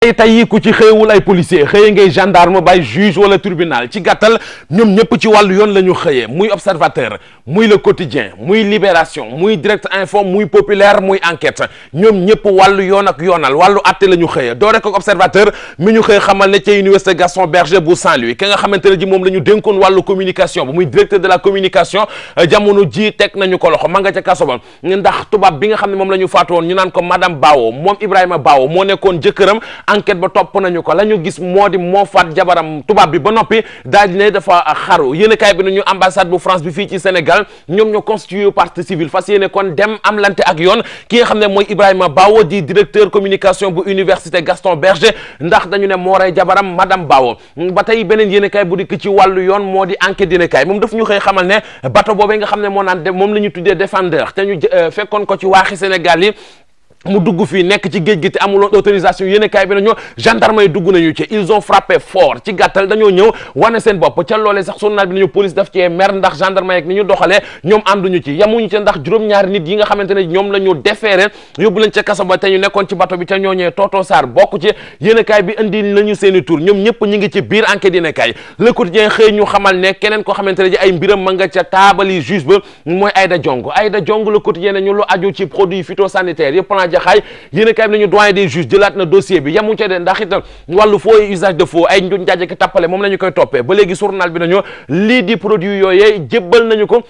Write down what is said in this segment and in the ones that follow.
tey tey ku ci xëyewul ay policier xëye ngay gendarme bay juge wala tribinal ci gàttal ñoom ñëpp ci wàllu yoon la ñu xëyee muy observateur muy le quotidien muy libération muy direct info muy populaire muy enquête ñoom ñëpp wàllu yoon ak yoonal wàllu atte la ñu xëyee doo rek ak observateur mi ñu xëy xamal ne ca université Gaston Berger bu Saint-Louis ki nga xamante ne ji moom la ñu dénkoon wàllu communication bu muy directeur de la communication euh, jamono ji teg nañu ko loxo ma nga ca kaso ba ndax tubaab bi nga xam ne la ñu faatu woon ñu ko madame Bao moom Ibrahima Bao moo nekkoon jëkkëram enquête ba topp nañu ko lañu gis moo di moo faat jabaram tubaab bi ba noppi daal di ne dafa xaru yéen kaay bi nañu ambassade bu France bi fii ci Sénégal ñoom ñoo constitué partie civile fas yéene kon dem am lante ak yoon ki nga xam ne mooy Ibrahima baawo di directeur communication bu université Gaston Berger ndax dañu ne moo rey jabaram madame Bawo ba tey beneen yéen kaay bu dikk ci wàllu yoon moo di enquête yéen moom daf ñu xëy xamal ne bateau boobee nga xam ne moo naan moom la ñu tuddee te ñu euh, fekkoon ko ci waaxi Sénégal yi mu dugg fii nekk ci géej gi te amuloon autorisation yéen kaay bi nañoo gendarme yi dugg nañu ci ils ont frappé fort ci gàttal dañoo ñëw wane seen bopp ca loolee sax journal bi nañu police daf cee mer ndax gendarme yeeg ni ñu doxalee ñoom ànduñu ci yamuñu ci ndax juróom-ñaari nit yi nga xamante ne ñoom la ñu déféré yóbbu lañ ca kaso te ñu nekkoon ci bato bi te ñooñee Toto Sarr bokk ci yéen kaay bi indi nañu seen i ñoom ñëpp ñi ci biir enquête yéen kaay le quotidien xëy ñu xamal ne keneen koo xamante ne ji ay mbiram ma nga ca taabali juge ba mooy Aïda Diongo Aïda yëpp jaxaay yéen a bi nañu doyen des juges jëlaat na dossier bi yamu ca de ndax it wàllu faux et usage de faux ay njuñ njaaj ak moom la ñu koy toppee ba léegi journal bi nañu lii di produit yooyee jébbal nañu ko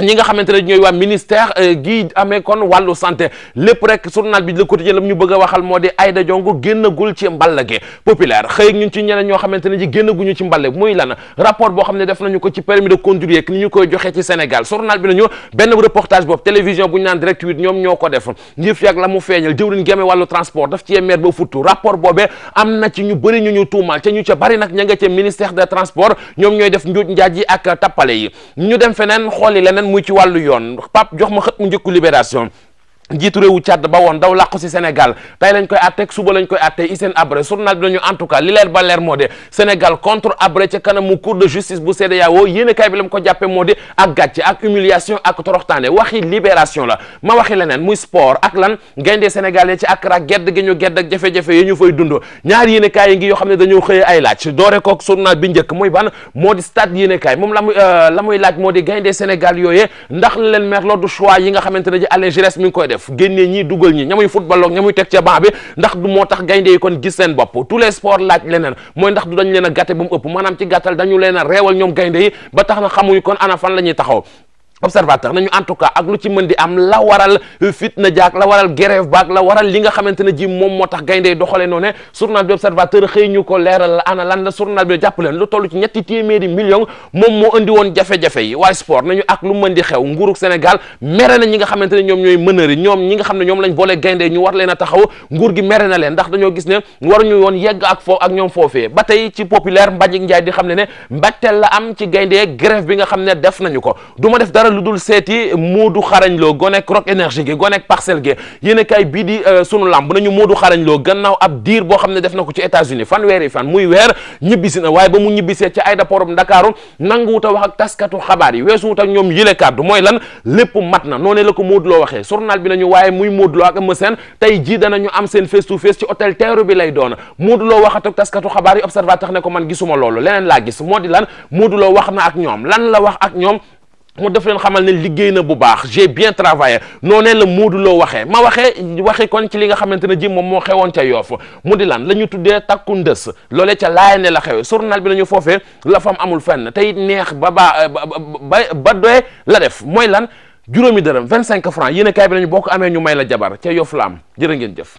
ñi nga xamante ne ñooy waa ministère euh, gi amee kon wàllu santé lépp rek journal bi le quotidien lam ñu bëgg waxal moo di Aïda Diongo génnagul ci mball gi populaire xëy ñun ci ñeneen ñoo ne ji génnaguñu ci mballe muy lan rapport boo ne def nañu ko ci permis de conduire ak ni ñu koy joxee ci Sénégal journal bi nañu benn reportage boobu télévision bu ñu naan direct huit ñoom ñoo ko def yëf yàgg la mu feeñal jëwriñ gémee wàllu transport daf ci mer ba futtu rapport boobee am na ci ñu bëri ñu ñu tuumal ca ñu ca bëri nag ña nga ca ministère des transports ñoom ñooy def njuuj njaaj yi ak tappale yi ñu leneen muy ci wàllu yoon Pape jox ma xët mu njëkku libération njiitu réewu Tchad ba woon daw làqu si Sénégal tey lañ koy àtteeg suba lañ koy àtteeg Hissène Habré journal bi nañu en tout cas li leer ba leer moo de Sénégal contre Habré ca kanamu a kaay bi jàppee moo di ak gàcce ak humiliation ak toroxtaane waxi libération la leneen muy sport ak lan gayndee Sénégal yi ci Accra gedd gi ñu gedd ak jafe-jafe yi ñu fay ñaar yéen a kaay yoo xam ne dañoo xëyee ay laaj doore kook journal bi njëkk muy ban moo di stade yéen kaay moom la muy euh, la muy laaj moo di gayndee Sénégal yooyee ndax la leen merloo du choix yi nga xamante ne ji Alain Giresse koy def def génnee ñii dugal ñi ñamuy football ak ñamuy teg ca banc bi ndax du moo tax gaynde yi kon gis seen bopp tous les sports laaj leneen mooy ndax du dañ leen a gàtte ba ëpp maanaam ci gàttal dañu leen a reewal ñoom gaynde yi ba tax na xamuñu kon ana fan la ñuy taxaw observateur nañu en tout cas ak lu ci mën di am la waral fitna jaak la waral grève baak la waral li nga xamante ne ji moom moo tax gayndey doxalee noonu ne journal bi observateur xëy ñu ko leeral ana lan la journal bi jàpp leen lu toll ci ñetti téeméeri million moom moo andi woon jafe-jafe yi waaye sport nañu ak lu mën di xew nguurug Sénégal mere na ñi nga xamante ne ñoom ñooy meneur yi ñoom ñi nga xam ne ñoom lañ boole gayndey ñu war leen a taxaw nguur gi mere na leen ndax dañoo gis ne waruñu woon yegg ak foo ak ñoom foofee ba tey ci populaire Mbagnick Ndiaye di xam ne ne mbàtteel la am ci gayndee grève bi nga xam ne def nañu ko dara lu dul seeti Moodu Xarañ loo Lo gonek Rock Énergie gi gonek Parcelles gi yéen kay bii di euh, sunu lamb nañu Moodu Xarañ loo gannaaw ab diir boo xam ne def na ko ci États-Unis fanweeri fan muy weer si na waaye ba mu ñibbisee ci aéroport Ndakaaru nanguwut a wax ak taskatu xabaar yi weesuwut ak ñoom yile kàddu mooy lan lépp mat na noonee la ko Moodu loo waxee journal bi nañu waaye muy Moodu Lo ak Eumeu Sène tey jii danañu am seen face to face lay doon Moodu Lo waxat ak taskatu xabaar yi observateur gisuma loolu leneen laa gis di lan Moodu Lo wax na ak ñoom lan la wax ak ñoom mu def leen xamal ne liggéey na bu baax j'ai bien travaillé noonee la Modou loo waxee ma waxee waxi kon ci li nga xamante ne ji moom moo xewoon ca Yoff mu di lan la ñu tuddee takku ndës loolee ca laaya ne la xewe journal bi ñu foofee la fam amul fenn tey neex ba ba ba ba doy la def mooy lan juróomi dërëm vingt cinq francs yéen a kaay bi nañu boo ko amee ñu may la jabar ca Yoff la am jërë ngeen jëf